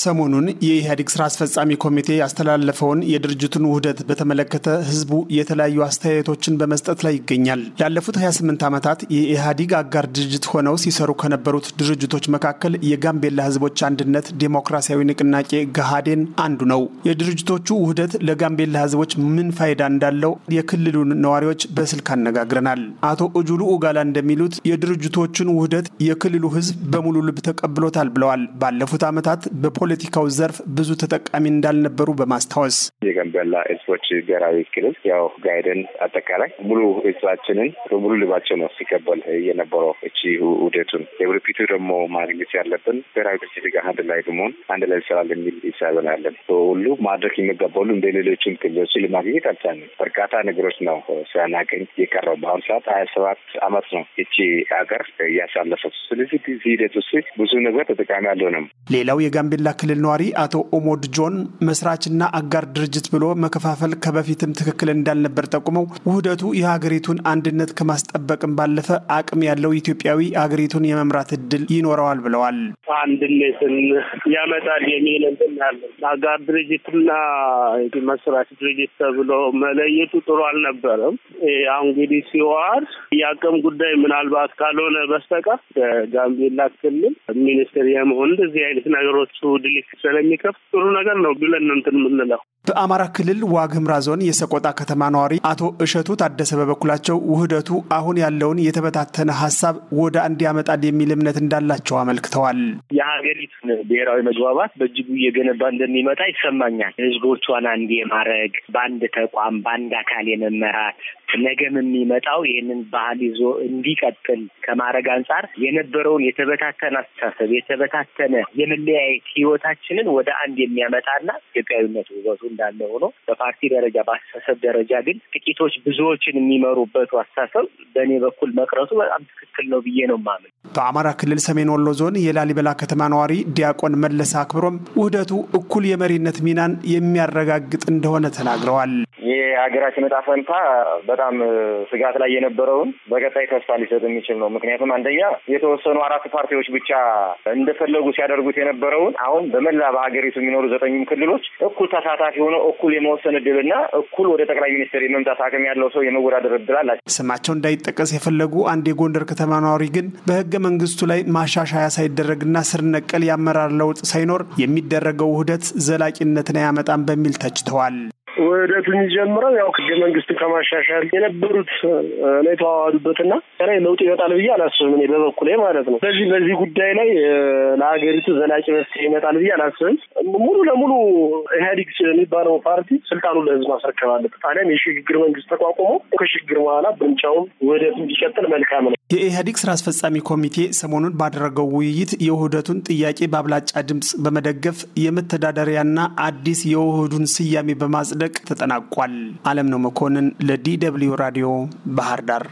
ሰሞኑን የኢህአዴግ ስራ አስፈጻሚ ኮሚቴ ያስተላለፈውን የድርጅቱን ውህደት በተመለከተ ህዝቡ የተለያዩ አስተያየቶችን በመስጠት ላይ ይገኛል። ላለፉት 28 ዓመታት የኢህአዴግ አጋር ድርጅት ሆነው ሲሰሩ ከነበሩት ድርጅቶች መካከል የጋምቤላ ህዝቦች አንድነት ዴሞክራሲያዊ ንቅናቄ ገሃዴን አንዱ ነው። የድርጅቶቹ ውህደት ለጋምቤላ ህዝቦች ምን ፋይዳ እንዳለው የክልሉን ነዋሪዎች በስልክ አነጋግረናል። አቶ እጁሉ ኡጋላ እንደሚሉት የድርጅቶቹን ውህደት የክልሉ ህዝብ በሙሉ ልብ ተቀብሎታል ብለዋል። ባለፉት ዓመታት በፖለቲካው ዘርፍ ብዙ ተጠቃሚ እንዳልነበሩ በማስታወስ የጋምቤላ ህዝቦች ብሔራዊ ክልል ያው ጋይደን አጠቃላይ ሙሉ ህዝባችንን በሙሉ ልባቸው ነው ሲቀበል የነበረው እቺ ውደቱን የወደፊቱ ደግሞ ማግኘት ያለብን ብሔራዊ ድርጅት ጋር አንድ ላይ በመሆን አንድ ላይ ይሰራል የሚል ይሳበናለን። ሁሉ ማድረግ የሚገባሉ እንደ ሌሎችም ክልሎች ለማግኘት አልቻልንም። በርካታ ነገሮች ነው ሲያናገኝ የቀረው። በአሁኑ ሰዓት ሀያ ሰባት አመት ነው እቺ ሀገር እያሳለፈች። ስለዚህ ጊዜ ሂደት ውስጥ ብዙ ነገር ተጠቃሚ አልሆነም። ሌላው የጋምቤላ የጋምቤላ ክልል ነዋሪ አቶ ኦሞድ ጆን መስራችና አጋር ድርጅት ብሎ መከፋፈል ከበፊትም ትክክል እንዳልነበር ጠቁመው ውህደቱ የሀገሪቱን አንድነት ከማስጠበቅም ባለፈ አቅም ያለው ኢትዮጵያዊ ሀገሪቱን የመምራት እድል ይኖረዋል ብለዋል። አንድነትን ያመጣል የሚል እንትን አጋር ድርጅትና መስራች ድርጅት ተብሎ መለየቱ ጥሩ አልነበረም። አሁን እንግዲህ ሲዋር የአቅም ጉዳይ ምናልባት ካልሆነ በስተቀር ጋምቤላ ክልል ሚኒስትር የመሆን እንደዚህ አይነት ነገሮቹ እድል ስለሚከፍት ጥሩ ነገር ነው ብለን ነው እንትን የምንለው። በአማራ ክልል ዋግ ህምራ ዞን የሰቆጣ ከተማ ነዋሪ አቶ እሸቱ ታደሰ በበኩላቸው ውህደቱ አሁን ያለውን የተበታተነ ሀሳብ ወደ አንድ ያመጣል የሚል እምነት እንዳላቸው አመልክተዋል። የሀገሪቱን ብሔራዊ መግባባት በእጅጉ እየገነባ እንደሚመጣ ይሰማኛል። ህዝቦቿን አንድ የማድረግ በአንድ ተቋም በአንድ አካል የመመራት ነገም የሚመጣው ይህንን ባህል ይዞ እንዲቀጥል ከማድረግ አንጻር የነበረውን የተበታተነ አስተሳሰብ የተበታተነ የመለያየት ህይወታችንን ወደ አንድ የሚያመጣና ኢትዮጵያዊነት ውበቱ እንዳለ ሆኖ በፓርቲ ደረጃ በአስተሳሰብ ደረጃ ግን ጥቂቶች ብዙዎችን የሚመሩበቱ አስተሳሰብ በእኔ በኩል መቅረቱ በጣም ትክክል ነው ብዬ ነው ማምን። በአማራ ክልል ሰሜን ወሎ ዞን የላሊበላ ከተማ ነዋሪ ዲያቆን መለሰ አክብሮም ውህደቱ እኩል የመሪነት ሚናን የሚያረጋግጥ እንደሆነ ተናግረዋል። የሀገራችን እጣ ፈንታ በጣም ስጋት ላይ የነበረውን በቀጣይ ተስፋ ሊሰጥ የሚችል ነው። ምክንያቱም አንደኛ የተወሰኑ አራት ፓርቲዎች ብቻ እንደፈለጉ ሲያደርጉት የነበረውን አሁን በመላ በሀገሪቱ የሚኖሩ ዘጠኙም ክልሎች እኩል ተሳታፊ ሆነው እኩል የመወሰን እድልና እኩል ወደ ጠቅላይ ሚኒስትር የመምጣት አቅም ያለው ሰው የመወዳደር እድል አላቸው። ስማቸው እንዳይጠቀስ የፈለጉ አንድ የጎንደር ከተማ ነዋሪ ግን በህገ መንግስቱ ላይ ማሻሻያ ሳይደረግና ስር ነቀል የአመራር ለውጥ ሳይኖር የሚደረገው ውህደት ዘላቂነትን አያመጣም በሚል ተችተዋል። ውህደት ይጀምራል። ያው ህገ መንግስት ከማሻሻል የነበሩት ላይ ተዋዋዱበትና ላይ ለውጥ ይመጣል ብዬ አላስብም። እኔ በበኩሌ ማለት ነው። ስለዚህ በዚህ ጉዳይ ላይ ለሀገሪቱ ዘላቂ መፍትሄ ይመጣል ብዬ አላስብም። ሙሉ ለሙሉ ኢህአዲግ የሚባለው ፓርቲ ስልጣኑን ለህዝብ ማስረከብ አለበት። ታዲያም የሽግግር መንግስት ተቋቁሞ ከሽግግር በኋላ ብንጫውም ውህደት እንዲቀጥል መልካም ነው። የኢህአዴግ ስራ አስፈጻሚ ኮሚቴ ሰሞኑን ባደረገው ውይይት የውህደቱን ጥያቄ በአብላጫ ድምፅ በመደገፍ የመተዳደሪያና አዲስ የውህዱን ስያሜ በማጽደቅ ተጠናቋል። አለም ነው መኮንን ለዲ ደብልዩ ራዲዮ ባህር ዳር